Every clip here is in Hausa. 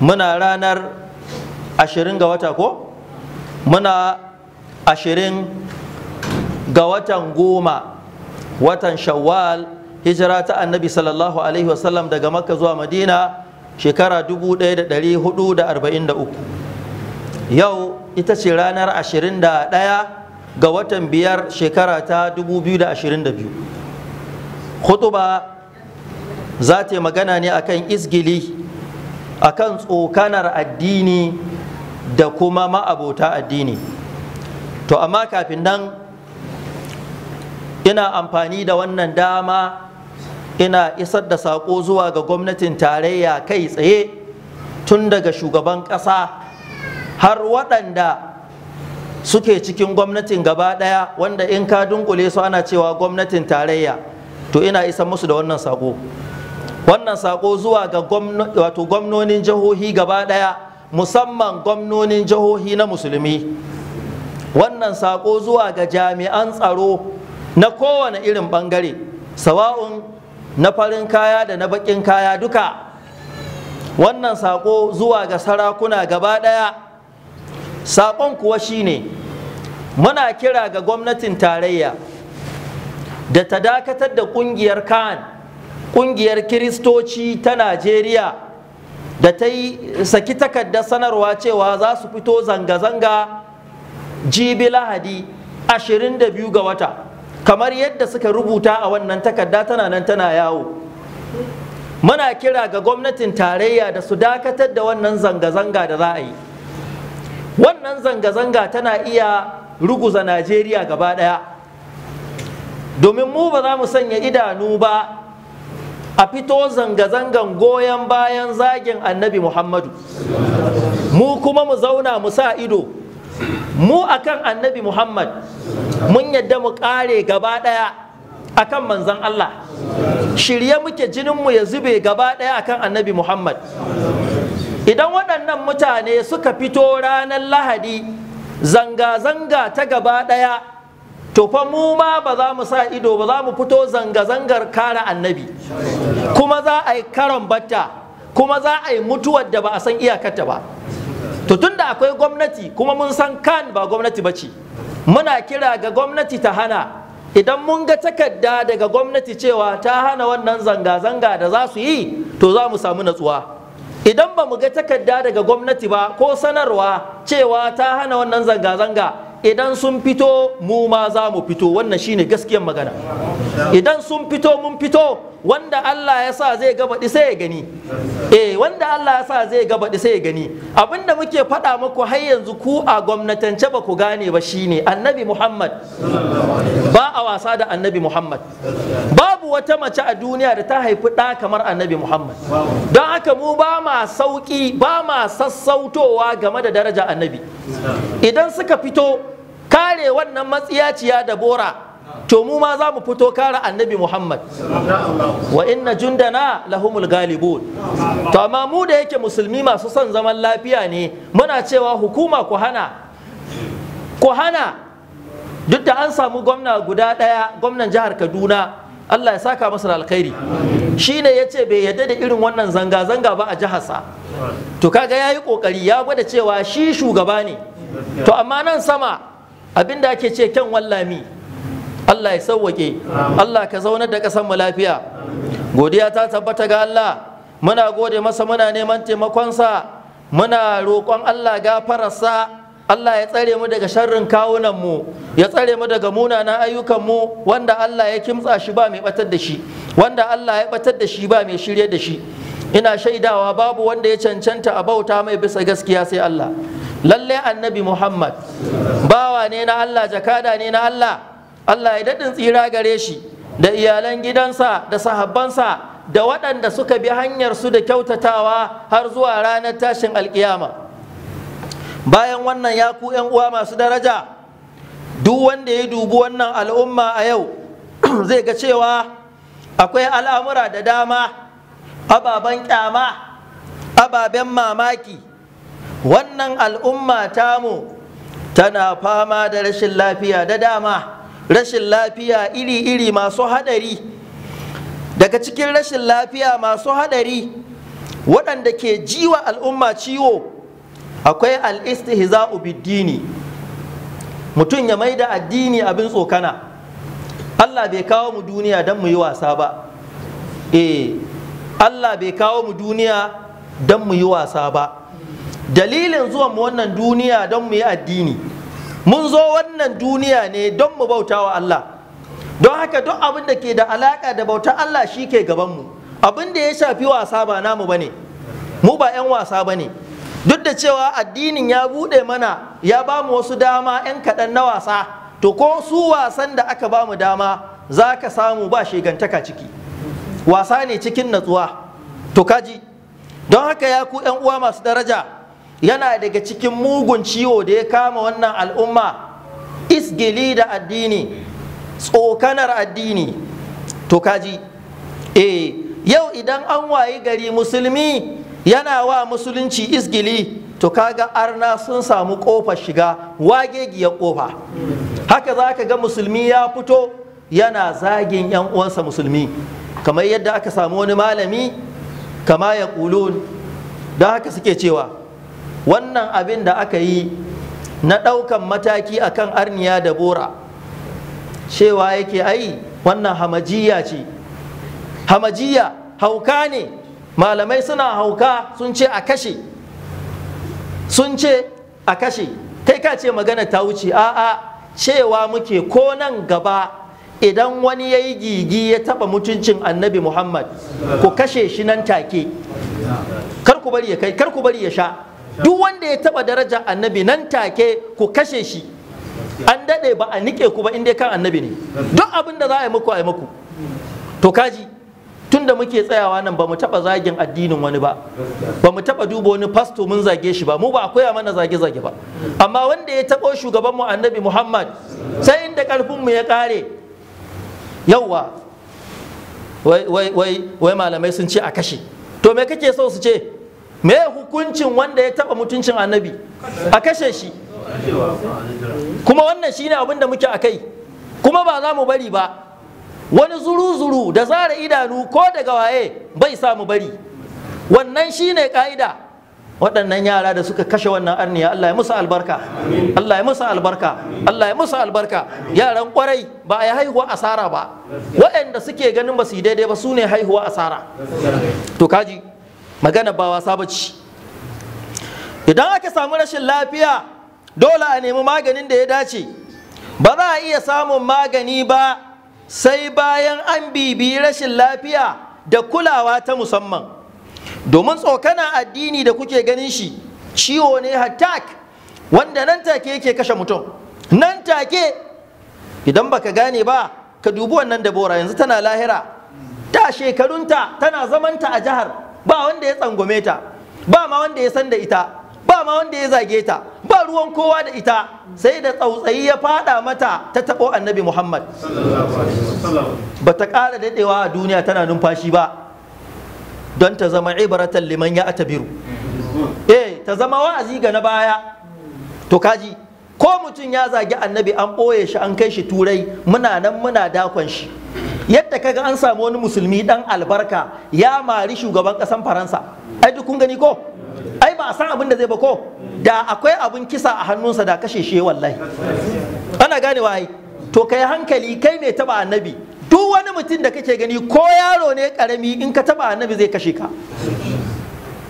muna ranar ashirin ga wata ko muna ashirin ga watan goma watan shawwal hijira ta annabi sallallahu alaihi wasallam daga makka zuwa madina shekara 1443 yau ita ce ranar 21 ga watan biyar shekara ta 2022 khutuba za ta yi magana ne akan isgili akan tsokanar addini da kuma ma'abota addini to amma kafin nan ina amfani da wannan dama ina isar da saƙo zuwa ga gwamnatin tarayya kai tsaye tun daga shugaban ƙasa har waɗanda suke cikin gwamnatin gaba ɗaya wanda in ka dunkule su ana cewa gwamnatin tarayya to ina isa musu da wannan saƙo wannan sako zuwa ga wato gwamnonin jihohi gaba daya musamman gwamnonin jihohi na musulmi wannan sako zuwa ga jami'an tsaro na kowane irin bangare sawa'un na farin kaya da na bakin kaya duka wannan sako zuwa ga sarakuna gaba daya sakon kuwa shine muna kira ga gwamnatin tarayya da ta dakatar da kungiyar kan ƙungiyar kiristoci ta najeriya da ta yi saki takardar sanarwa cewa za su fito zanga-zanga jibi lahadi 22 ga wata kamar yadda suka rubuta a wannan takarda tana nan tana yawo muna kira ga gwamnatin tarayya da su dakatar da wannan zanga-zanga da za a yi wannan zanga-zanga tana iya ruguza najeriya gaba daya. domin mu ba za mu sanya idanu ba a fito zanga-zangan goyon bayan zagin annabi muhammadu mu kuma mu zauna mu sa ido mu akan annabi muhammad mun yadda mu kare gaba daya akan manzan allah shirye muke jininmu ya zube gaba daya akan annabi muhammad idan waɗannan mutane suka fito ranar lahadi zanga-zanga ta gaba daya to fa mu ma ba za mu sa ido ba za mu fito zanga-zangar kare annabi kuma za a yi karon batta kuma za a yi mutuwar da ba a san iyakarta ba to tunda akwai gwamnati kuma mun san kan ba gwamnati ba ce muna kira ga gwamnati ta hana idan mun ga takarda daga gwamnati cewa ta hana wannan zanga-zanga da za su yi to za mu samu natsuwa idan ba mu ga takarda daga gwamnati ba ko sanarwa cewa ta hana wannan zanga-zanga idan sun fito mu ma za mu fito wannan shine gaskiyan magana idan sun fito mun fito wanda Allah ya sa zai gabaɗi sai ya gani eh wanda Allah ya sa zai gabaɗi sai ya gani abinda muke faɗa muku har yanzu ku a gwamnatance ba ku gane ba shine annabi Muhammad ba a wasa da annabi Muhammad babu wata mace a duniya da ta haifi ɗa kamar annabi Muhammad don haka mu ba ma sauƙi ba ma sassautowa game da daraja annabi idan suka fito kare wannan matsiyaciya da bora to mu ma za mu fito kare annabi Muhammad wa inna jundana lahumul galibun to amma mu da yake musulmi masu son zaman lafiya ne muna cewa hukuma ku hana ku hana duk da an samu gwamna guda ɗaya gwamnan jihar Kaduna Allah ya saka masa alkhairi ne ya ce bai yadda da irin wannan zanga-zanga ba a jiharsa to kaga ya yi ƙoƙari ya gwada cewa shi shugaba ne to amma nan sama abinda ake ce kyan wallami Allah ya sauwake Allah ka zaunar da ƙasar mu lafiya godiya ta tabbata ga Allah muna gode masa muna neman taimakonsa muna roƙon Allah gafararsa Allah ya tsare mu daga sharrin kawunan mu ya tsare mu daga munanan ayyukan mu wanda Allah ya kimtsa shi ba mai batar da shi wanda Allah ya batar da shi ba mai shirye da shi ina shaidawa babu wanda ya cancanta a bauta mai bisa gaskiya sai Allah lalle annabi Muhammad bawa ne na Allah jakada ne na Allah Allah ya daɗin tsira gare shi da iyalan gidansa da sahabbansa da waɗanda suka bi hanyar su da kyautatawa har zuwa ranar tashin alkiyama bayan wannan ya ku uwa masu daraja duk wanda ya dubi wannan al'umma a yau zai ga cewa akwai al'amura da dama ababen kyama ababen mamaki wannan al'umma tamu tana fama da rashin lafiya da dama rashin lafiya iri-iri masu hadari daga cikin rashin lafiya masu hadari waɗanda ke jiwa al'umma ciwo akwai al'istihza'u biddini mutum ya maida addini abin tsokana Allah bai kawo mu duniya don mu yi wasa ba eh, Allah bai kawo mu duniya don mu yi wasa ba dalilin zuwan mu wannan duniya don mu yi addini mun zo wannan duniya ne don mu bauta wa Allah don haka duk abin da ke da alaka da bautar Allah shi ke gabanmu abin da ya shafi wasa ba namu ba ne mu ba 'yan wasa ba ne duk da cewa addinin ya buɗe mana ya ba mu wasu dama 'yan kaɗan na wasa to ko su wasan da aka ba mu dama za ka samu ba shigantaka ciki wasa ne cikin natsuwa to kaji don haka ya ku 'yan uwa masu daraja yana daga cikin mugun ciwo da ya kama wannan al'umma isgili da addini tsokanar addini to kaji e eh, yau idan an wayi gari musulmi yana wa musulunci isgili to kaga arna sun samu kofa shiga wagegiyar kofa haka za ka ga musulmi ya fito yana zagin yan uwansa musulmi kamar yadda aka samu wani malami kama ya kulun don haka suke cewa wannan abin da aka yi na ɗaukan mataki akan arniya da bora cewa yake ayi wannan hamajiya ce hamajiya hauka ne malamai suna hauka sun ce a kashe sun ce a kashe kai ka ce magana ta wuce a'a cewa muke ko nan gaba idan wani ya yi gigi ya taba mutuncin annabi muhammad ku kashe shi nan take kar ku kar ku bari ya sha duk wanda ya taba daraja annabi nan take ku kashe shi an dade ba a nike ku ba inda kan annabi ne duk abin da za a yi muku a yi muku to kaji tunda muke tsayawa nan ba mu taba zagin addinin wani ba ba mu taba duba wani fasto mun zage shi ba mu ba akwai mana zage zage ba amma wanda ya tabo shugaban mu annabi Muhammad sai inda karfin mu ya kare yawa wai wai wai malamai sun ce a kashe to me kake so su ce me hukuncin wanda ya taba mutuncin annabi a kashe shi kuma wannan shine abin da muke a kai kuma ba za mu bari ba wani zuru-zuru da zara idanu ko daga waye bai sa mu bari wannan shine ka'ida waɗannan yara da suka kashe wannan arniya Allah ya musu albarka Allah ya musu albarka Allah ya musu albarka yaran kwarai ba a yi haihuwa asara ba waɗanda suke ganin ba su yi daidai ba su ne haihuwa asara to kaji magana ba wasa ba bace idan aka samu rashin lafiya dole a nemi maganin da ya dace ba za a iya samun magani ba sai bayan an bibi rashin lafiya da kulawa ta musamman domin tsokana addini da kuke ganin shi ciwo ne hatak wanda nan take yake kashe mutum nan take idan baka gane ba ka dubi wannan dabora yanzu tana lahira ta shekarunta tana zamanta a jihar ba wanda ya tsangwame ta ba ma wanda ya san da ita ba ma wanda ya zage ta ba ruwan kowa da ita sai da tsautsayi ya fada mata ta tabo annabi muhammad ba ta ƙara daɗewa a duniya tana numfashi ba don ta zama ibaratan liman ya atabiru eh ta zama wa'azi ga na baya to kaji ko mutum ya zagi annabi an ɓoye shi an kai shi turai muna nan muna dakon shi yadda kaga an samu wani musulmi dan albarka ya mari shugaban kasan faransa ai duk kun gani ko ai ba a san abin da zai ba ko da akwai abun kisa a hannunsa da kashe shi wallahi ana gane wai to kai hankali kai ne taba annabi duk wani mutum da kake gani ko yaro ne karami in ka taba annabi zai kashe ka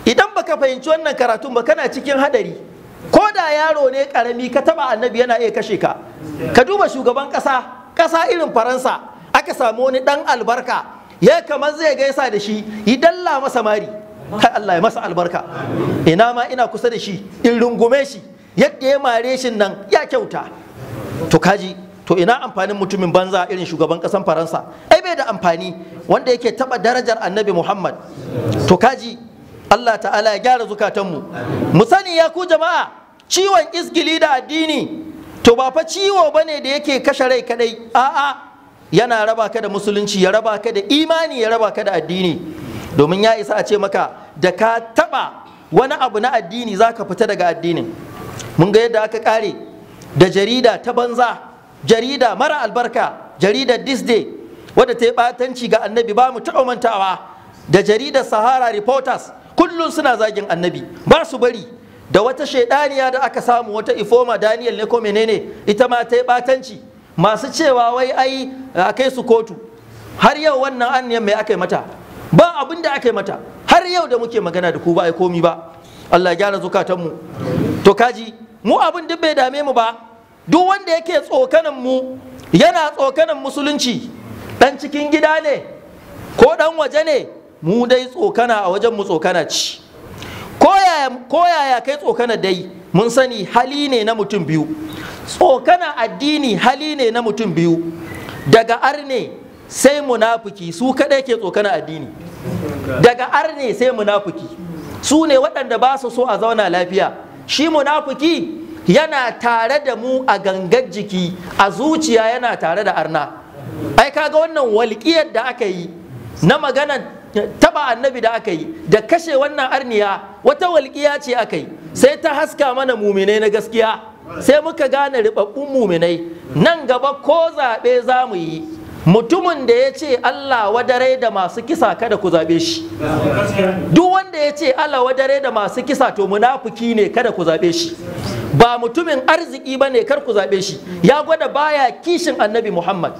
idan baka fahimci wannan karatun ba kana cikin hadari ko da yaro ne karami ka taba annabi yana iya kashe ka ka duba shugaban kasa kasa irin faransa Ka samu wani dan albarka ya kamar zai gaisa da shi yi dalla masa mari kai Allah ya masa albarka ina ma ina kusa da shi in rungume shi yadda ya mare shi nan ya kyauta to kaji to ina amfanin mutumin banza irin shugaban kasan faransa ai bai da amfani wanda yake taba darajar annabi muhammad to kaji Allah ta'ala ya gyara zukatanmu mu sani ya ku jama'a ciwon isgili da addini to ba fa ciwo bane da yake kashe rai kadai a'a yana raba ka da musulunci ya raba ka da imani ya raba ka da addini domin ya isa a ce maka da ka taba wani abu na addini za ka fita daga addinin mun ga yadda aka kare da jarida ta banza jarida mara albarka jaridar day wadda ta yi batanci ga annabi ba mu taɓa mantawa da jaridar sahara reporters kullum suna zagin annabi ba su bari da wata shaidaniya da aka samu wata ifoma daniel ne ko menene ita ma ta yi batanci masu cewa wai ai a kai su kotu har yau wannan an mai aka mata ba abin da aka mata har yau da muke magana da ku ba ai komi ba Allah ya gyara zukatanmu to kaji mu abin duk bai dame mu ba duk wanda yake tsokanan mu yana tsokanan musulunci dan cikin gida ne ko dan waje ne mu dai tsokana a wajen mu tsokana ci ko yaya kai tsokana dai mun sani hali ne na mutum biyu tsokana addini hali ne na mutum biyu daga arne sai munafiki su kadai ke tsokana addini daga arne sai munafiki su ne waɗanda ba su so a zauna lafiya shi munafiki yana tare da mu a gangar jiki a zuciya yana tare da arna ai kaga wannan walƙiyar da aka yi na magana taba annabi da aka yi da kashe wannan arniya wata walƙiya ce aka yi sai ta haska mana muminai na gaskiya sai muka gane ribabbun muminai nan gaba ko zaɓe za mu yi mutumin da ya ce Allah wadare da masu kisa kada ku zaɓe shi duk wanda ya ce Allah wadare da masu kisa to munafuki ne kada ku zaɓe shi ba mutumin arziki ba ne kar ku zaɓe shi ya gwada baya kishin annabi Muhammad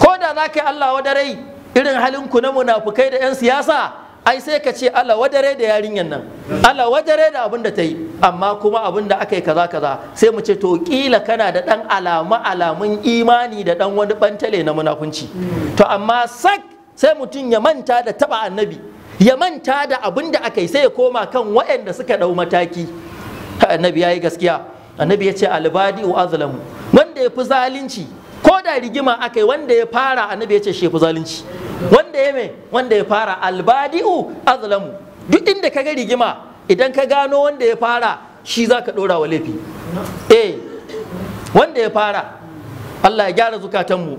ko da za ka yi Allah wadare irin halinku na munafukai da 'yan siyasa ai sai ka ce Allah wadare da yarinyan nan Allah wadare da abin da ta yi amma kuma abin da aka yi kaza kaza sai mu ce to kila kana da dan alama alamun imani da dan wani bantale na munafunci to amma sak sai mutum ya manta da taba annabi ya manta da abin da aka yi sai ya koma kan waɗanda suka dau mataki annabi ya yi gaskiya annabi ya ce albadi azlamu wanda ya fi zalunci ko da rigima aka yi wanda ya fara annabi ya ce shi fi zalunci wanda ya mai wanda ya fara albadi'u azlamu duk inda ka ga rigima idan ka gano wanda ya fara shi za ka ɗora wa laifi eh wanda ya fara Allah ya gyara zukatanmu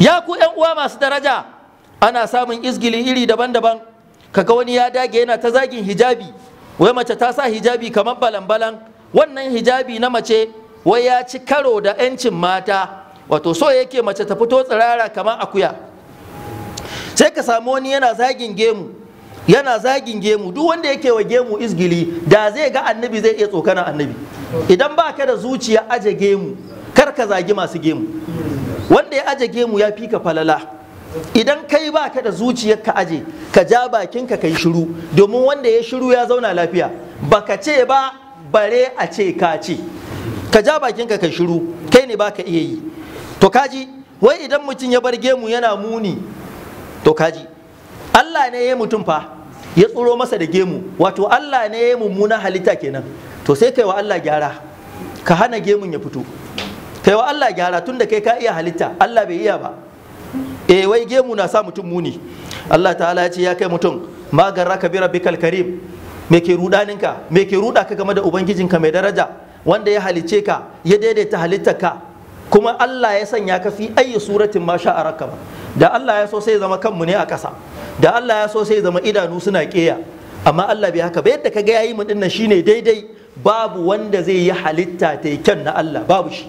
ya ku yan uwa masu daraja ana samun izgili iri daban-daban kaga wani ya dage yana ta zagin hijabi wai mace ta sa hijabi kamar balan-balan wannan hijabi na mace wai ya ci karo da 'yancin mata wato so yake mace ta fito tsirara kamar akuya sai ka samu wani yana zagin gemu yana zagin gemu duk wanda yake wa gemu izgili da zai ga annabi zai iya tsokana annabi idan ba ka da zuciya aje gemu kar ka zagi masu gemu wanda ya aje gemu ya fi ka falala idan kai ba ka da zuciyar ka aje ka ja bakinka ka yi shiru domin wanda ya shiru ya zauna lafiya baka ce ba bare a ce ka ce ka ja bakinka ka shiru kai ne ba ka iya yi to kaji wai idan mutum ya bar gemu yana muni to kaji Allah ne ya mutum fa ya tsuro masa da gemu wato Allah ne ya mummuna halitta kenan to sai kai wa Allah gyara ka hana gemun ya fito kai wa Allah gyara tunda kai ka iya halitta Allah bai iya ba eh wai gemu na sa mutum muni Allah ta'ala ya ce ya kai mutum ma garraka bi rabbikal karim me ke rudaninka me ke ruda ka game da ubangijinka mai daraja wanda ya halice ka ya daidaita halittarka kuma Allah ya sanya ka fi ayyi suratin ma sha'a da Allah ya so sai zama kanmu ne a ƙasa da Allah ya so sai zama idanu suna ƙeya amma Allah bai haka ba yadda ka ga yayi mu dinnan shine daidai babu wanda zai yi halitta ta kyan na Allah babu shi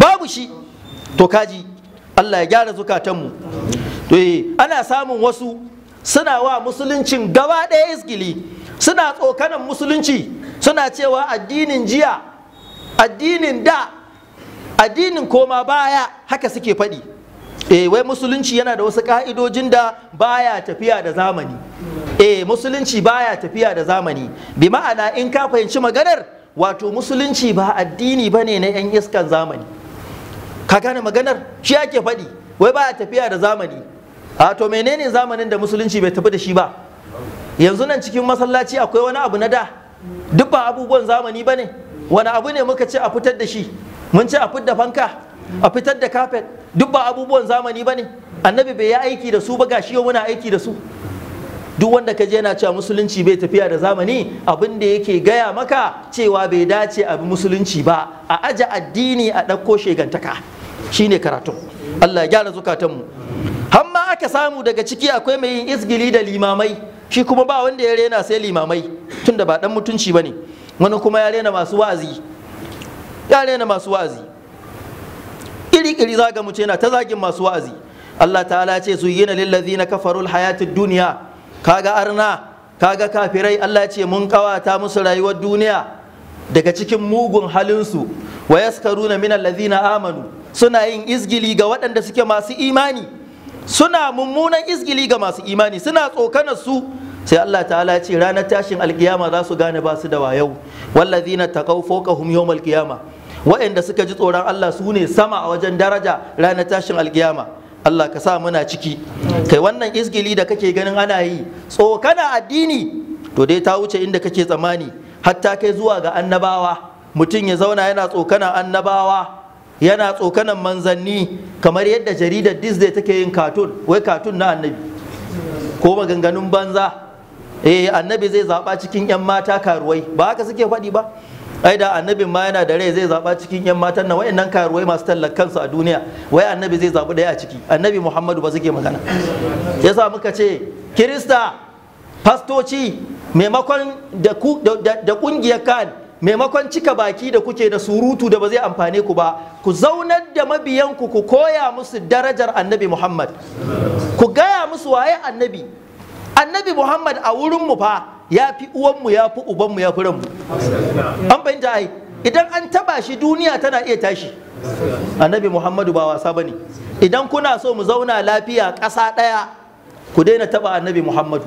babu shi to kaji Allah ya gyara zukatanmu to eh, ana samun wasu suna wa musuluncin gaba ɗaya isgili suna tsokanan musulunci suna cewa addinin jiya addinin da addinin koma baya haka suke faɗi E wai musulunci yana da wasu ka'idojin da baya tafiya da zamani eh musulunci baya tafiya da zamani bi ma'ana in ka fahimci maganar wato musulunci ba addini bane na yan iskan zamani ka gane maganar shi ake faɗi wai baya tafiya da zamani a to menene zamanin da musulunci bai tafi da shi ba yanzu nan cikin masallaci akwai wani abu na da duk ba abubuwan zamani bane wani abu ne muka ce a fitar da shi mun ce a fitar da fanka a fitar da kafet duk ba abubuwan zamani ba ne annabi bai yi aiki da su ba gashi yau muna aiki da su duk wanda ka je yana cewa musulunci bai tafiya da zamani abin da yake gaya maka cewa bai dace a musulunci ba a aje addini a ɗauko shegantaka shine karatu Allah ya gyara zukatanmu hamma aka samu daga ciki akwai mai yin isgili da limamai shi kuma ba wanda ya rena sai limamai tunda ba dan mutunci bane wani kuma ya rena masu wa'azi ya rena masu wa'azi kiri-kiri zaga mu ce na ta zagin masu wa'azi Allah ta'ala ce su yi na lillazi na kafarul hayatin duniya kaga arna kaga kafirai Allah ce mun kawata musu rayuwar duniya daga cikin mugun halinsu wa na min allazina amanu suna yin izgili ga waɗanda suke masu imani suna mummunan izgili ga masu imani suna tsokanar su sai Allah ta'ala ce ranar tashin alkiyama za su gane ba su da wayau wallazina taqaw fawqahum yawmal qiyama waɗanda suka ji tsoron Allah su ne sama a wajen daraja ranar tashin alkiyama Allah ka sa muna ciki kai wannan izgili da kake ganin ana yi tsokana addini to dai ta wuce inda kake tsamani. hatta kai zuwa ga annabawa mutum ya zauna yana tsokana annabawa yana tsokanan manzanni kamar yadda jaridar disney take yin katun wai katun na annabi ko maganganun banza eh annabi zai zaɓa cikin 'yan mata karuwai ba haka suke faɗi ba ai da annabin ma yana da rai zai zaba cikin yan matan nan wayannan karuwai masu tallar kansu a duniya wai annabi zai zabi daya a ciki annabi muhammadu ba suke magana yasa muka ce kirista fastoci maimakon da kungiyar kan maimakon cika baki da kuke da surutu da ba zai amfane ku ba ku zaunar da mabiyanku ku koya musu darajar annabi muhammad ku gaya musu waye annabi annabi muhammad a wurin mu fa ya fi uwanmu ya fi ubanmu ya fi ranmu an fahimta ai idan an taba shi duniya tana iya tashi annabi muhammadu ba wasa bane idan kuna so mu zauna lafiya ƙasa ɗaya ku daina taba annabi muhammadu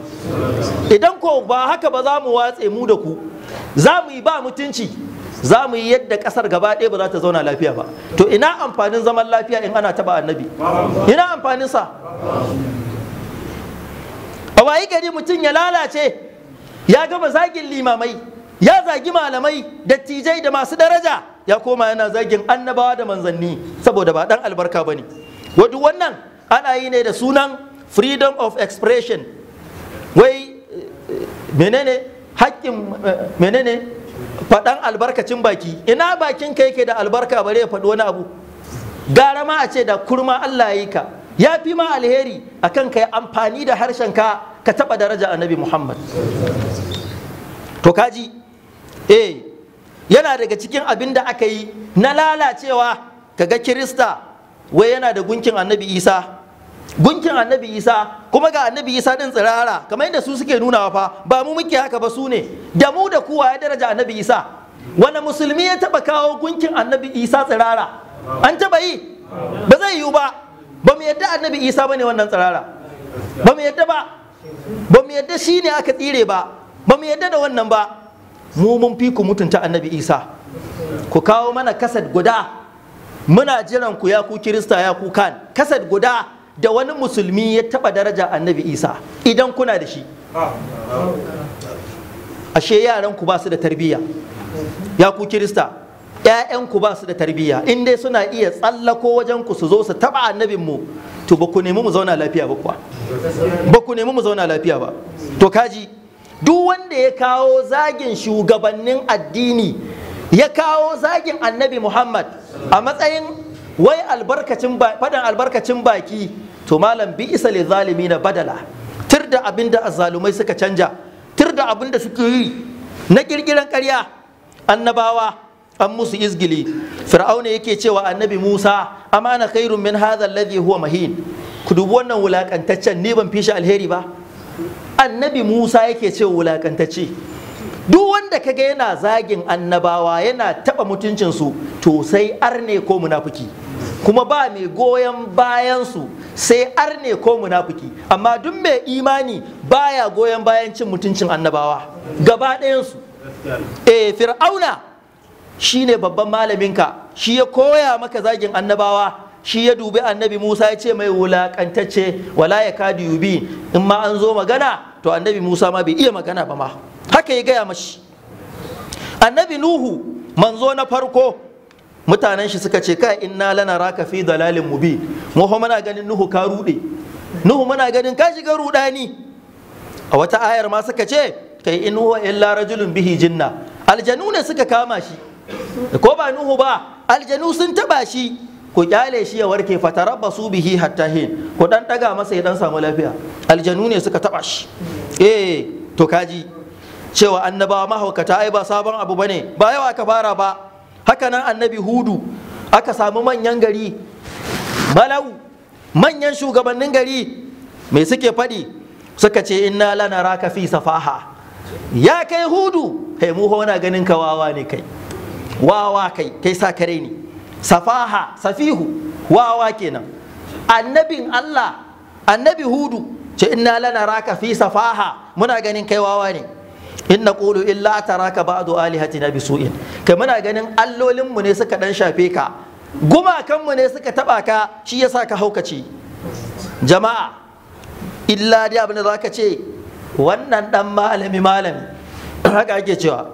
idan ko ba haka ba za mu watse mu da ku za mu yi ba mutunci za mu yi yadda ƙasar gaba ɗaya ba za ta zauna lafiya ba to ina amfanin zaman lafiya in ana taba annabi ina amfanin sa a wayi gari mutum ya lalace ya gama zagin limamai ya zagi malamai dattijai da masu daraja ya koma yana zagin annabawa da manzanni saboda ba dan albarka bane wadu wannan ana yi ne da sunan freedom of expression wai eh, menene haƙƙin eh, menene faɗan albarkacin baki ina bakin kai yake da albarka bare ya faɗi wani abu gara ma a ce da kurma Allah ya yi ka ya fi ma alheri akan kai amfani da harshen ka ka taɓa daraja annabi muhammad to kaji eh yana daga cikin abin da aka yi na lalacewa ka ga kirista wai yana da gunkin annabi isa gunkin annabi isa kuma ga annabi isa ɗin tsirara kamar yadda su suke nunawa fa ba mu muke haka ba su ne da mu da kuwa ya daraja annabi isa wani musulmi ya taba kawo gunkin annabi isa tsirara an taba yi ba zai yiwu ba ba mu yadda annabi isa bane wannan tsirara ba mu yadda ba ba mu yadda shi ne aka tsire ba ba mu yadda da wannan ba mu mun fi ku mutunta annabi isa ku kawo mana kasad guda muna jiran ku ya ku kirista ya ku kan kasad guda da wani musulmi ya taba daraja annabi isa idan kuna da shi ashe yaran ku ba su da tarbiyya ya ku kirista ‘ya'yanku ba su da tarbiyya in dai suna iya tsallako wajen ku su zo su taba annabinmu to ba ku nemi mu zauna lafiya ba kuwa ba ku nemi mu zauna lafiya ba to kaji duk wanda ya kawo zagin shugabannin addini ya kawo zagin annabi muhammad a matsayin wai albarkacin faɗin albarkacin baki to malam bi isa le zalimi na badala tir da abin da azzalumai suka canja tir da abin da suke yi na kirkiran ƙarya annabawa an musu izgili fir'auna yake cewa annabi musa amana khairun min hadha alladhi huwa mahin ku dubi wannan wulakantaccen ne ban fishi alheri ba annabi musa yake cewa wulakantacce duk wanda kaga yana zagin annabawa yana taba su to sai arne ko munafiki kuma ba mai goyon bayansu sai arne ko munafiki amma duk mai imani baya goyon bayan cin mutuncin annabawa gaba ɗayansu eh fir'auna shi ne babban malaminka shi ya koya maka zagin annabawa shi ya dubi annabi musa ya ce mai wulakantacce wala ya kadi yubi in ma an zo magana to annabi musa ma bai iya magana ba ma haka ya gaya mashi annabi nuhu manzo na farko mutanen shi suka ce ka inna lana raka fi dalalin mubi mu muna ganin nuhu ka rude nuhu muna ganin ka shiga rudani a wata ayar ma suka ce kai in huwa illa rajulun bihi jinna aljanu ne suka kama shi ko ba nuhu ba aljanu sun taba shi ku kyale shi ya warke su bihi hatta hin ku dan daga masa ya dan samu lafiya aljanu ne suka taba shi eh to kaji cewa annabawa mahaukata ai ba sabon abu bane ba yawa aka fara ba haka nan annabi hudu aka samu manyan gari balau manyan shugabannin gari me suke faɗi suka ce inna lana raka fi safaha ya kai hudu kai mu na ganin kawawa ne kai wawa kai kai sa kare ni? safaha safihu wawa kenan annabin Allah annabi hudu ce inna lana raka fi safaha muna ganin kai wawa ne in naqulu illa taraka ba'du alihatina bisu'in kai muna ganin allolin mu ne suka dan shafe ka gumakanmu ne suka taba ka shi yasa ka haukaci jama'a illa dai abin da zaka ce wannan dan malami malami haka ake cewa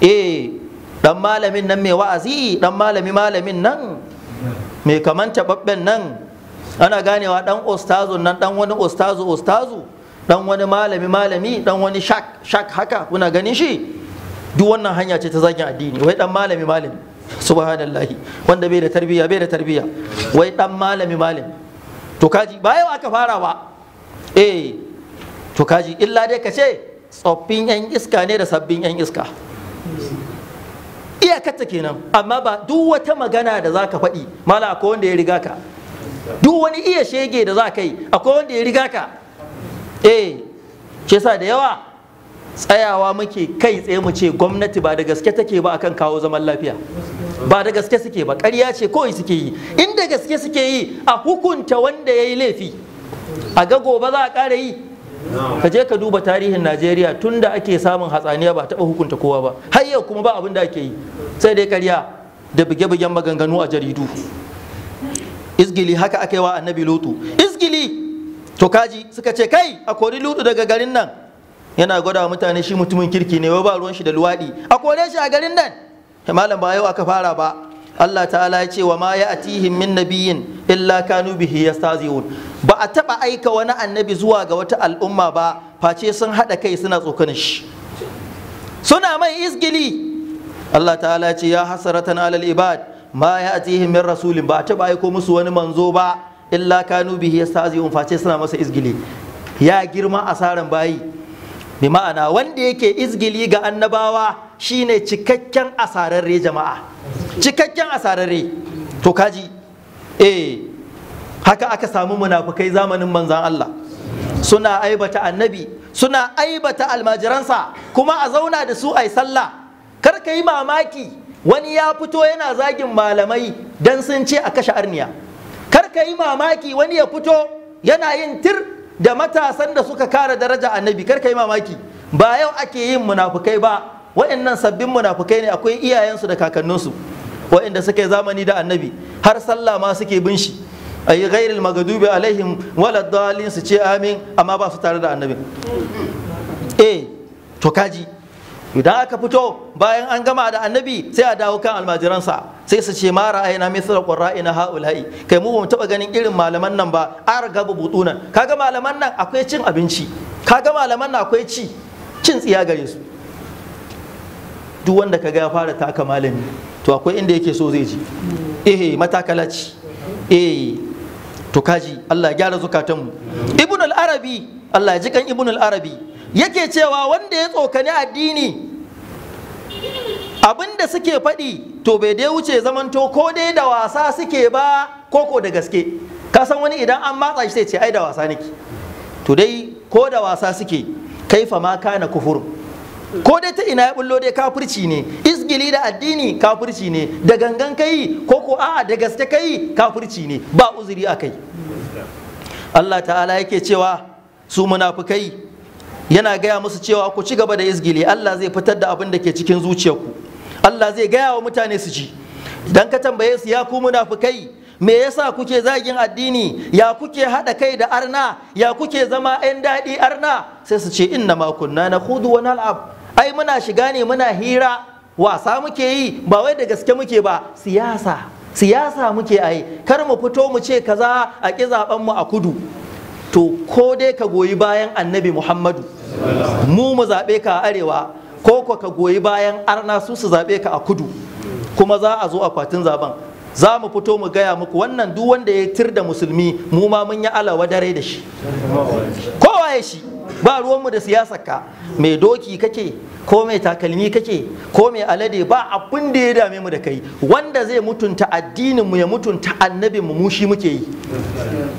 eh dan malamin nan mai wa'azi dan malami malamin nan mai kaman taɓaɓɓen nan ana ganewa dan ostazun nan dan wani ostazu ostazu dan wani malami malami dan wani shak shak haka kuna ganin shi duk wannan hanya ce ta zagin addini wai dan malami malami subhanallah wanda bai da tarbiyya bai da tarbiyya wai dan malami malami to kaji ba yau aka fara ba eh to kaji illa dai ka ce tsoffin yan iska ne da sabbin yan iska iyakarta kenan amma ba duk wata magana da za ka faɗi mala akwai wanda ya riga ka duk wani iya shege da za ka yi akwai wanda ya riga ka eh shi sa da yawa tsayawa muke kai tsaye mu ce gwamnati ba da gaske take ba akan kawo zaman lafiya ba da gaske suke ba ƙarya ce kawai suke yi inda gaske suke yi a hukunta wanda ya yi laifi a ga gobe za a ƙara yi ka je ka duba tarihin najeriya tun da ake samun hatsaniya ba taba hukunta kowa ba har yau kuma ba abin da ake yi sai dai karya da bige-bigen maganganu a jaridu izgili haka aka yi wa annabi lutu izgili to kaji suka ce kai a kori lutu daga garin nan yana gwada wa mutane shi mutumin kirki ne wai ba ruwan shi da luwaɗi a kore shi a garin nan malam ba yau aka fara ba Allah ta'ala ya ce wa ma ya atihim min nabiyin illa kanu bihi yastaziun ba a taba aika wani annabi zuwa ga wata al'umma ba face sun haɗa kai suna tsokanin shi suna mai izgili. Allah ta'ala ce ya hasaratan alal ibad ma ya atihim min rasulin ba a taɓa aiko musu wani manzo ba illa kanu bihi yastazihun face suna masa isgili ya girma asaran bayi bi ma'ana wanda yake izgili ga annabawa shine cikakken asararre jama'a cikakken asararre to kaji eh haka aka samu munafukai zamanin manzan Allah suna aibata annabi suna aibata almajiransa kuma a zauna da su ai sallah kar ka yi mamaki wani ya fito yana zagin malamai dan sun ce a kashe arniya kar ka yi mamaki wani ya fito yana yin tir da matasan da suka kara daraja annabi kar ka yi mamaki ba yau ake yin munafukai ba waɗannan sabbin munafukai ne akwai iyayensu da kakanninsu waɗanda suke zamani da annabi har sallah ma suke bin shi ayi ghairil magadubi alaihim wala dalin su ce amin amma ba su tare da annabi. eh to kaji idan aka fito bayan an gama da annabi sai a dawo kan almajiransa sai su ce mara aina misra qurra'ina haula'i kai mu bamu taba ganin irin malaman nan ba argabu butunan kaga malaman nan akwai cin abinci kaga malaman nan akwai ci cin tsiya gare su duk wanda kaga ya fara taka malami to akwai inda yake so zai ji eh matakalaci eh to kaji Allah ya gyara zukatanmu ibn al-arabi Allah ya ji kan ibn al-arabi yake cewa wanda ya tsokani addini abinda suke faɗi to bai dai wuce zamanto ko dai da wasa suke ba koko da gaske ka san wani idan an matsa shi sai ce ai da wasa nake to dai ko da wasa suke kaifa ma kana kufur ko dai ta ina ya bullo dai kafirci ne isgili da addini kafirci ne da gangan kai ko ko a'a da gaske kai kafirci ne ba uzuri a kai Allah ta'ala yake cewa su munafukai yana gaya musu cewa ku ci gaba da isgili Allah zai fitar da abin da ke cikin zuciyarku Allah zai gaya wa mutane su ji dan ka tambaye su ya ku munafukai me yasa kuke zagin addini ya kuke haɗa kai da arna ya kuke zama 'yan daɗi arna sai su ce inna ma kunna na hudu wa nal'ab ai muna shiga ne muna hira wasa muke yi ba wai da gaske muke ba siyasa siyasa muke ai kar mu fito mu ce kaza a ƙi zaben mu a kudu to ko dai ka goyi bayan annabi muhammadu mu mu zaɓe ka a arewa ko ka goyi bayan arna su su zaɓe ka a kudu kuma za a zo akwatin zaben za mu fito mu gaya muku wannan duk wanda ya tir da musulmi mu ma mun yi alawa dare da shi kowa ya shi ba ruwanmu da siyasar ka mai doki kake ko mai takalmi kake ko mai alade ba abin da ya dame mu da kai wanda zai mutunta addininmu, ya mutunta annabin mu shi muke yi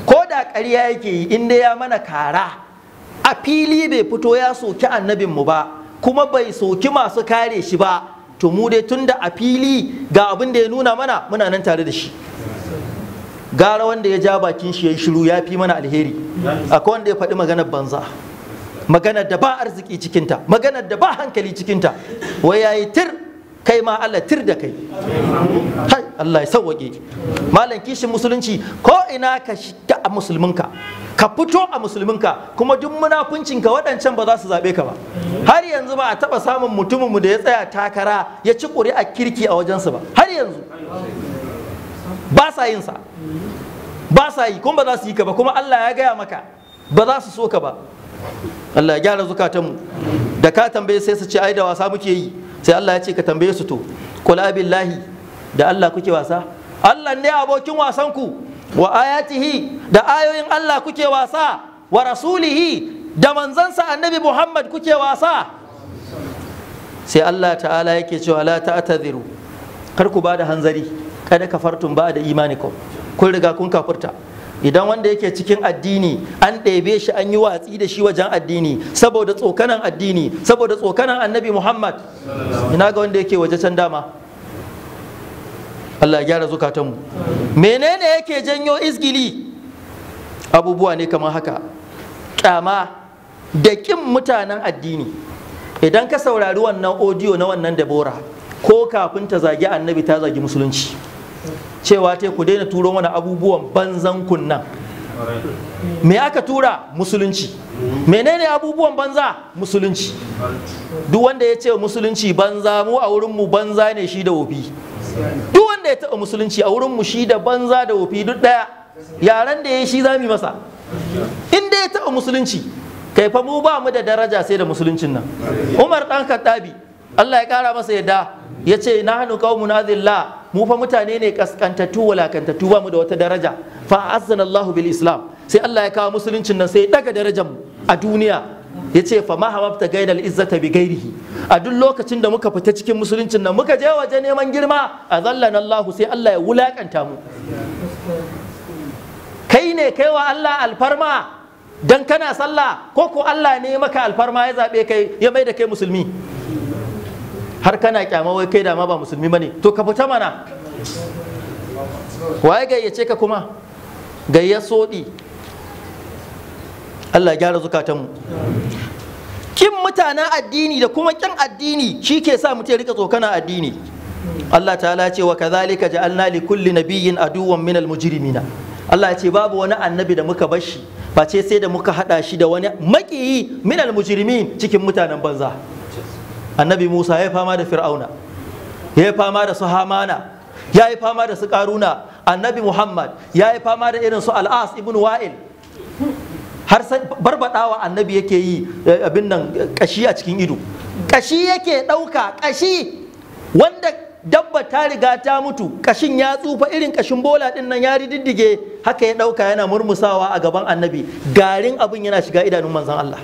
ko da ƙarya yake yi in dai ya mana kara a fili bai fito ya soki annabin mu ba kuma bai soki masu kare shi ba to mu dai da a fili ga abin da ya nuna mana muna nan tare da shi gara wanda ya ja bakin shi ya shiru ya fi mana alheri akwai wanda ya faɗi maganar banza maganar da ba arziki cikinta maganar da ba hankali cikinta wai yayi tir kai ma Allah tir da kai hai Allah ya sauwaƙe malam kishin musulunci ko ina ka shiga a musulminka ka fito a musulminka kuma duk ka waɗancan ba za su zaɓe ka ba har yanzu ba a taɓa samun mutumin mu da ya tsaya takara ya ci a kirki a wajensu ba har yanzu ba sa yin sa ba sa yi kuma ba za su yi ka ba kuma Allah ya gaya maka ba za su so ka ba Allah ya gyara zukatanmu da ka tambaye sai su ce ai da wasa muke yi sai Allah ya ce ka tambaye su to qul abillahi da Allah kuke wasa Allah ne abokin wasan ku wa ayatihi da ayoyin Allah kuke wasa wa rasulihi da manzansa annabi Muhammad kuke wasa sai Allah ta'ala yake cewa la ta'tadhiru kar ku bada hanzari kada kafartum ba da imanikum kun riga kun kafurta idan wanda yake cikin addini an ɗebe shi an yi watsi da shi wajen addini saboda tsokanan addini saboda tsokanan annabi muhammad ina ga wanda yake waje can dama allah ya gyara zukatanmu menene yake janyo izgili abubuwa ne kamar haka kyama da ƙin mutanen addini idan ka saurari wannan odiyo na wannan dabora ko kafin ta zagi annabi ta zagi musulunci cewa te ku daina turo mana abubuwan banzan kunnan me aka tura musulunci menene abubuwan banza musulunci duk wanda ya ce musulunci banza mu a wurinmu banza ne shi da wofi duk wanda ya taɓa musulunci a wurinmu shi da banza da wofi duk ɗaya yaran da ya shi za mu masa inda ya taɓa musulunci kai fa mu ba mu da daraja sai da musuluncin nan umar dan kattabi allah ya kara masa yadda ya ce na hannu kawo mu fa mutane ne kaskantattu walakantattu ba mu da wata daraja fa azzana Allahu bil Islam sai Allah ya kawo musuluncin nan sai ya daga darajar mu a duniya ya ce fa ma hawabta gainal izzata bi gairihi a duk lokacin da muka fita cikin musuluncin nan muka je waje neman girma a zallan Allahu sai Allah ya wulakanta mu kai ne kai wa Allah alfarma dan kana sallah ko ko Allah ne maka alfarma ya zabe kai ya mai da kai musulmi har kana kyama wai kai da ma ba musulmi bane to ka fita mana waye gayyace ka kuma gayya sodi Allah ya gyara zukatanmu kin mutanen addini da kuma kin addini shi ke sa mu ya rika tsokana addini Allah ta'ala ce wa kazalika ja'alna li kulli nabiyyin aduwwan min al-mujrimina Allah ya ce babu wani annabi da muka bashi face sai da muka hada shi da wani makiyi min al-mujrimin cikin mutanen banza annabi musa ya fama da fir'auna ya fama da su hamana ya yi fama da su karuna annabi muhammad ya yi fama da irin su al'as ibn wa'il har barbadawa annabi yake yi eh, abin nan kashi a cikin ido kashi yake ɗauka kashi wanda dabba ta riga ta mutu kashin ya tsufa irin kashin bola din nan ya rididdige haka ya ɗauka yana murmusawa a gaban annabi garin abin yana shiga idanun manzon Allah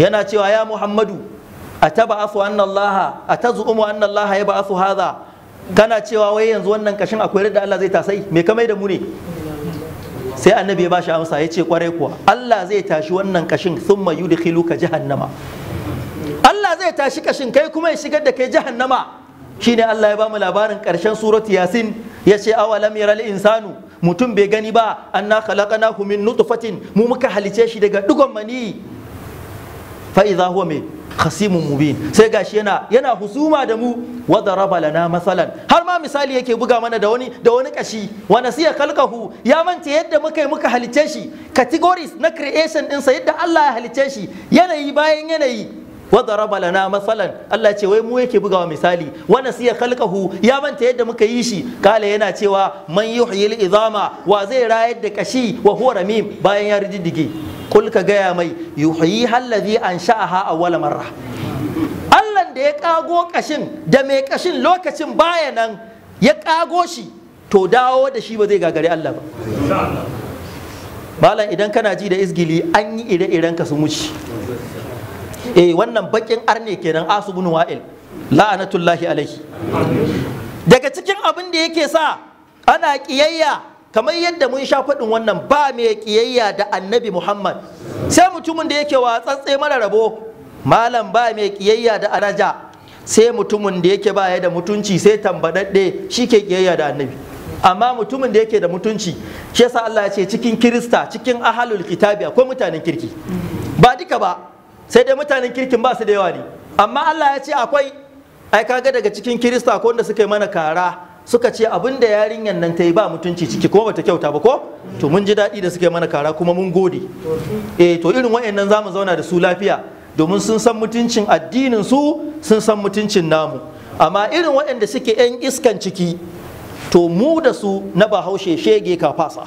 yana cewa ya Muhammadu ataba'afu anna Allah atazumu anna Allah yab'athu hadha kana cewa wai yanzu wannan kashin akwai da Allah zai tasai me kamai da mu ne sai annabi ya ba amsa ya ce kwarai kuwa Allah zai tashi wannan kashin thumma yudkhilu ka jahannama Allah zai tashi kashin kai kuma ya shigar da kai jahannama shine Allah ya ba mu labarin karshen suratu yasin ya ce awalam yaral insanu mutum bai gani ba anna khalaqnahu min nutfatin mu muka halice shi daga digon mani fa idza huwa mai khasimun mubin sai gashi yana yana husuma da mu wa daraba lana masalan har ma misali yake buga mana da wani da wani kashi wa nasiya khalqahu ya manta yadda muka yi muka halice shi categories na creation din sa yadda Allah ya halice shi yanayi bayan yanayi wa daraba lana masalan Allah ce wai mu yake bugawa misali wa nasiya khalqahu ya manta yadda muka yi shi kala yana cewa man yuhyil izama wa zai rayar da kashi wa huwa ramim bayan ya rididdige kul ka gaya mai yuhyi hallazi sha'aha awwala marra Allah da ya kago kashin da mai kashin lokacin baya nan ya kago shi to dawo da shi ba zai gagari Allah ba malam idan kana ji da izgili an yi ire-iren ka su muci eh wannan bakin arne kenan asu bin wa'il la'anatullahi alaihi daga cikin abin da yake sa ana kiyayya kamar yadda mun sha faɗin wannan ba mai ƙiyayya da annabi muhammad sai mutumin da yake watsatse mara rabo malam ba mai ƙiyayya da araja sai mutumin da yake baya da mutunci sai tambadadde shi ke ƙiyayya da annabi amma mutumin da yake da mutunci shi yasa Allah ya ce cikin kirista cikin ahalul kitabi akwai mutanen kirki ba duka ba sai dai mutanen kirkin ba su da yawa ne amma Allah ya ce akwai ai kaga daga cikin kirista ko wanda suka yi mana kara suka ce abin da yarinyar nan ta yi ba mutunci ciki kuma bata kyauta ba ko to mun ji daɗi da suke mana kara kuma mun gode eh to irin wa'annan za mu zauna da su lafiya domin sun san mutuncin addinin su sun san mutuncin namu amma irin waɗanda suke 'yan iskan ciki to mu da su na bahaushe shege ka fasa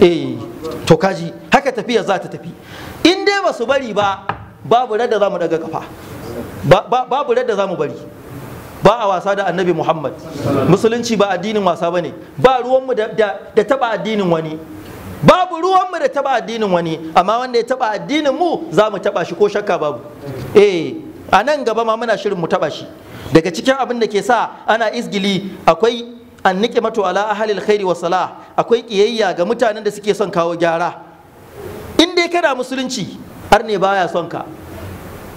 eh to kaji haka tafiya za ta tafi in dai ba su bari ba babu radda za mu daga kafa babu radda za mu bari ba a wasa da annabi muhammad musulunci ba addinin wasa ba ne ba ruwanmu da taba addinin wani babu ruwanmu da taba addinin wani amma wanda ya taba addinin mu za mu taba shi ko shakka babu eh a nan gaba ma muna shirin mu taba shi daga cikin abin da ke sa ana izgili akwai an nike mato ala ahalil khairi wa salah akwai kiyayya ga mutanen da suke son kawo gyara in dai kana musulunci har ne baya son ka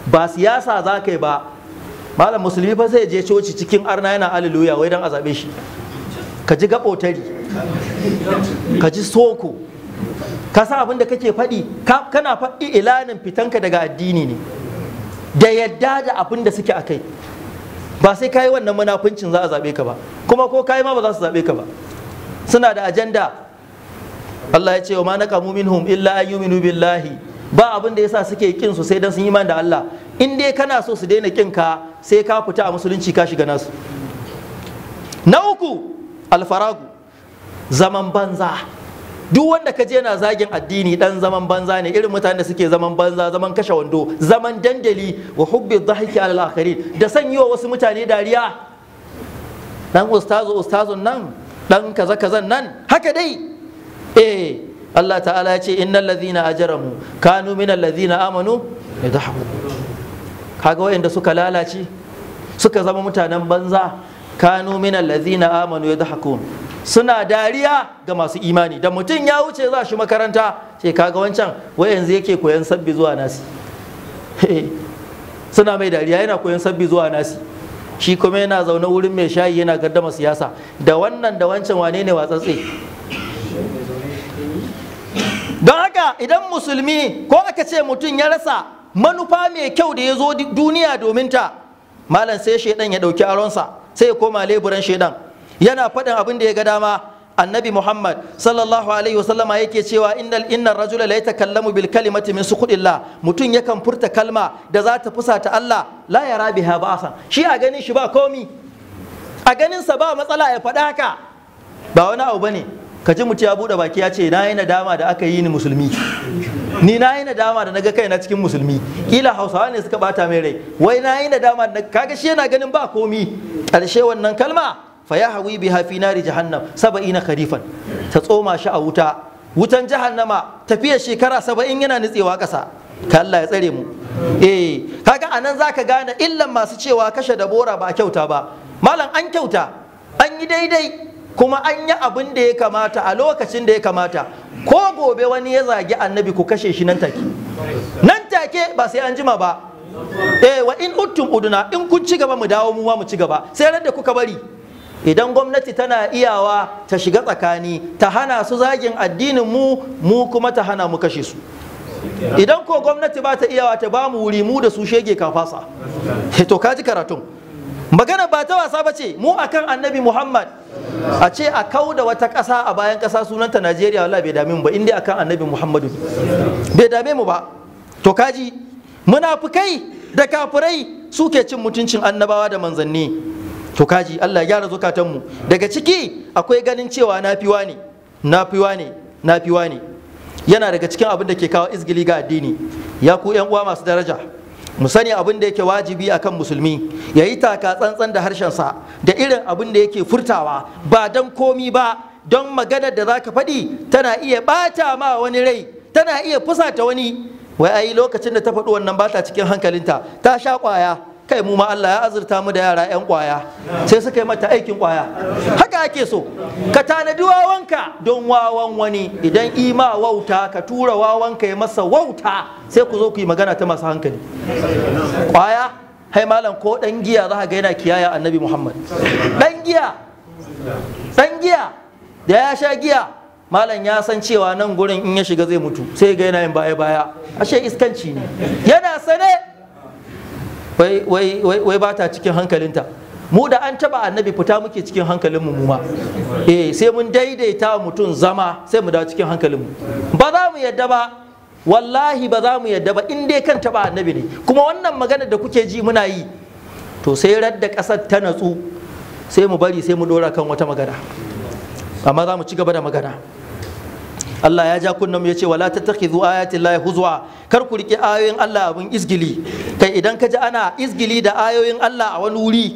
ba siyasa za ka ba malam musulmi fa sai je coci cikin arna yana hallelujah wai dan a zaɓe shi ka ji gaɓotari ka ji soko ka san abin da kake faɗi kana faɗi ilanin fitanka daga addini ne da yadda da abin da suke kai, ba sai kayi wannan munafuncin za a zaɓe ka ba kuma ko yi ma ba za su zaɓe ka ba suna da ajanda Allah ya ce wa ma naqamu minhum illa ayyuminu billahi ba abin da yasa suke kin su sai dan sun yi man da Allah in dai kana so su daina kinka sai ka fita a musulunci ka shiga nasu na uku alfaragu zaman banza duk wanda ka je na zagin addini dan zaman banza ne irin mutanen da suke zaman banza zaman kashe wando zaman dandali wa hubbi dhahiki alal akhirin da wa wasu mutane dariya dan ustazu ustazon nan dan kaza kazan nan haka dai eh Allah ta'ala ya ce innal ladhina ajramu kanu minal ladhina amanu yadhahu kaga wayanda suka lalace suka zama mutanen banza kanu min allazina amanu yadhakun suna dariya ga masu imani da mutum ya wuce za shi makaranta ce kaga wancan wai yanzu yake koyan sabbi zuwa nasi suna mai dariya yana koyan sabbi zuwa nasi shi kuma yana zaune wurin mai shayi yana gardama siyasa da wannan da wancan wane ne watsatse don haka idan musulmi ko aka ce mutum ya rasa manufa mai kyau da ya zo duniya domin ta malam sai shaidan ya ɗauki aronsa sai ya koma leburan shaidan yana faɗin abin da ya ga dama annabi muhammad sallallahu alaihi wasallama yake cewa innal innar rajula la yatakallamu bil kalimati min mutum yakan furta kalma da za ta fusata Allah la yara biha ba'sa shi a ganin shi ba komi a ganin sa ba matsala ya faɗa haka ba wani abu bane ka ji mutu ya buɗe baki ya ce na yi nadama da aka yi ni musulmi ni na yi nadama da naga na cikin musulmi kila hausawa ne suka bata mai rai wai na yi nadama da kaga shi yana ganin ba komi ƙarshe wannan kalma fa ya hawi biha fi nari jahannam saba'ina kharifan ta tsoma shi a wuta wutan jahannama tafiya shekara saba'in yana nutsewa ƙasa ka Allah ya tsare mu eh kaga anan zaka gane illan masu cewa kashe dabora bora ba kyauta ba malam an kyauta an yi daidai kuma an yi abin da ya kamata a lokacin da ya kamata ko gobe wani ya zagi annabi ku kashe shi nan take nan take ba sai an jima ba eh wa in uttum uduna in kun ci gaba mu dawo mu ma mu ci gaba sai ran da kuka bari idan gwamnati tana iyawa ta shiga tsakani ta hana su zagin addinin mu mu kuma ta hana mu kashe su idan ko gwamnati ba ta iyawa ta ba mu wuri mu da su shege kafasa eh, to kaji karatun magana ba ta wasa ba ce mu akan annabi muhammad a ce a kau da wata ƙasa a bayan ƙasa sunanta najeriya wala bai dame mu ba inda akan annabi muhammadu bai dame mu ba to kaji munafukai da kafirai suke cin mutuncin annabawa da manzanni to kaji allah ya gyara zukatanmu daga ciki akwai ganin cewa nafiwa ne nafiwa ne nafiwa ne yana daga cikin abin da ke kawo izgili ga addini ya ku yan uwa masu daraja mu sani abin da yake wajibi akan musulmi ya yi taka tsantsan da harshensa da irin abin da yake furtawa ba don komi ba don magana da za ka faɗi tana iya ɓata ma wani rai tana iya fusata wani wai ayi lokacin da ta faɗi wannan ba ta cikin hankalinta ta sha ƙwaya kai mu ma Allah ya azurta mu da yara 'yan kwaya sai suka yi mata aikin kwaya haka ake so ka tanadi wawanka don wawan wani idan ima wauta ka tura wawan ka ya masa wauta sai ku zo ku yi magana ta masu hankali kwaya hai malam ko dan giya za ga yana kiyaya annabi muhammad dan giya dan giya da ya sha giya malam ya san cewa nan gurin in ya shiga zai mutu sai ga yana yin baya baya ashe iskanci ne yana sane wai ba ta cikin hankalinta mu da an taba annabi fita muke cikin hankalinmu mu ma eh sai mun daidaita mutum zama sai mu dawo cikin hankalinmu ba za mu yadda ba wallahi ba za mu yadda ba in dai kan taba annabi ne kuma wannan magana da kuke ji muna yi to sai radda kasar ta natsu sai mu bari sai mu dora kan wata magana amma za mu ci gaba da magana Allah ya ja kunnan ya ce wala tattakhidhu ayati llahi huzwa kar ku rike ayoyin Allah abin izgili kai idan ka ji ana izgili da ayoyin Allah a wani wuri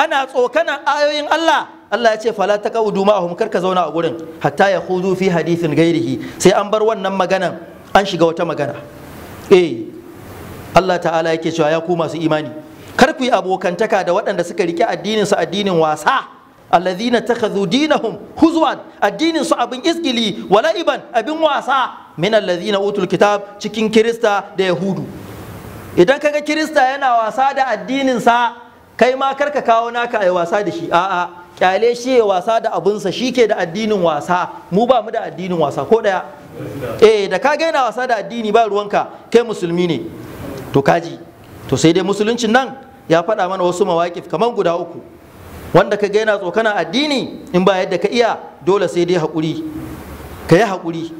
ana tsokanan ayoyin Allah Allah ya ce fala ta kaudu ma'ahum kar ka zauna a gurin hatta ya hudu fi hadithin gairihi sai an bar wannan maganan an shiga wata magana eh Allah ta'ala yake cewa ya ku masu imani kar ku yi abokantaka da waɗanda suka rike addinin su addinin wasa alladhina takhadhu dinahum huzwan addinin su abin isgili wala'iban abin wasa min alladhina utul kitab cikin kirista da yahudu idan kaga kirista yana wasa da addinin sa kai ma karka kawo naka ai wasa da shi a'a kyale shi ya wasa da abinsa shi ke da addinin wasa mu ba mu da addinin wasa ko daya eh da ka gaina wasa da addini ba ruwanka kai musulmi ne to kaji to sai dai musuluncin nan ya faɗa mana wasu mawaƙif kamar guda uku wanda ka gaina tsokana addini in ba yadda ka iya dole sai dai haƙuri ka yi haƙuri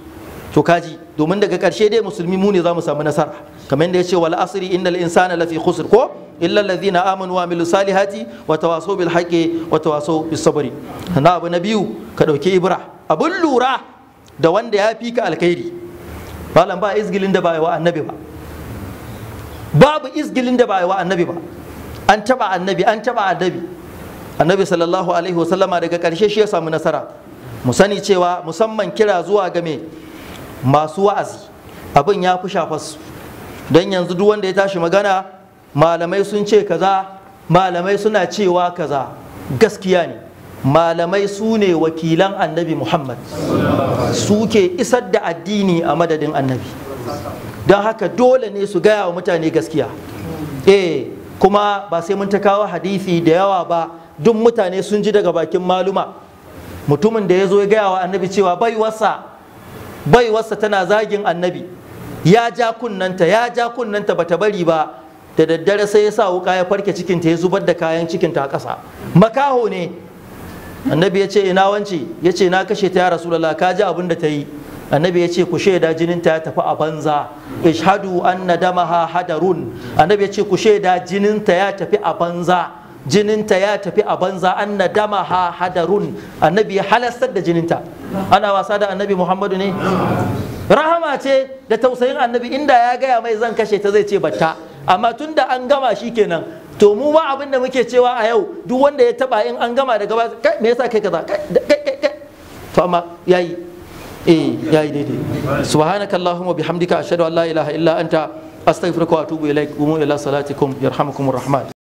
to kaji domin daga ƙarshe dai musulmi mu ne za mu samu nasara kamar yadda ya ce wal asri innal insana lafi khusr ko illa alladhina amanu wa amilu salihati wa tawasaw bil haqqi wa tawasaw bis sabri na abu na biyu ka dauki ibra abun lura da wanda ya fi ka alkhairi malam ba izgilin da ba wa annabi ba babu izgilin da ba wa annabi ba an taba annabi an taba annabi annabi sallallahu alaihi wasallama daga karshe shi ya samu nasara mu sani cewa musamman kira zuwa game masu wa'azi abin ya fi su don yanzu duk wanda ya tashi magana malamai sun ce kaza malamai suna cewa kaza gaskiya ne malamai su ne wakilan annabi muhammad Su ke isar da addini a madadin annabi don haka dole ne su gaya wa mutane gaskiya eh kuma ba sai mun ta kawo hadisi da yawa ba duk mutane sun ji daga bakin maluma mutumin da ya zo ya gaya wa annabi cewa bai wasa. Bai wasa tana zagin annabi ya ja kunnanta ya ja kunnanta bata bari ba da daddare sai ya sa wuka ya farke cikinta ya zubar da kayan cikinta a ƙasa makaho ne annabi ya ce ina wance ya ce na kashe ta ya rasulullah ka ji abin da ta yi annabi ya ce ku shaida ta ya tafi a banza ishhadu anna damaha hadarun annabi ya ce ku shaida ta ya tafi a banza jininta ya tafi a banza an na dama ha hadarun annabi ya halastar da jininta ana wasa da annabi muhammadu ne rahama ce da tausayin annabi inda ya gaya mai zan kashe ta zai ce batta amma tun da an gama shi kenan to mu ma abin da muke cewa a yau duk wanda ya taba in an gama da gaba, kai me yasa kai kaza kai kai kai to amma yayi eh yayi daidai subhanakallahumma bihamdika ashhadu an la ilaha illa anta astaghfiruka wa atubu ilaik qumu ila salatikum yarhamukumur rahman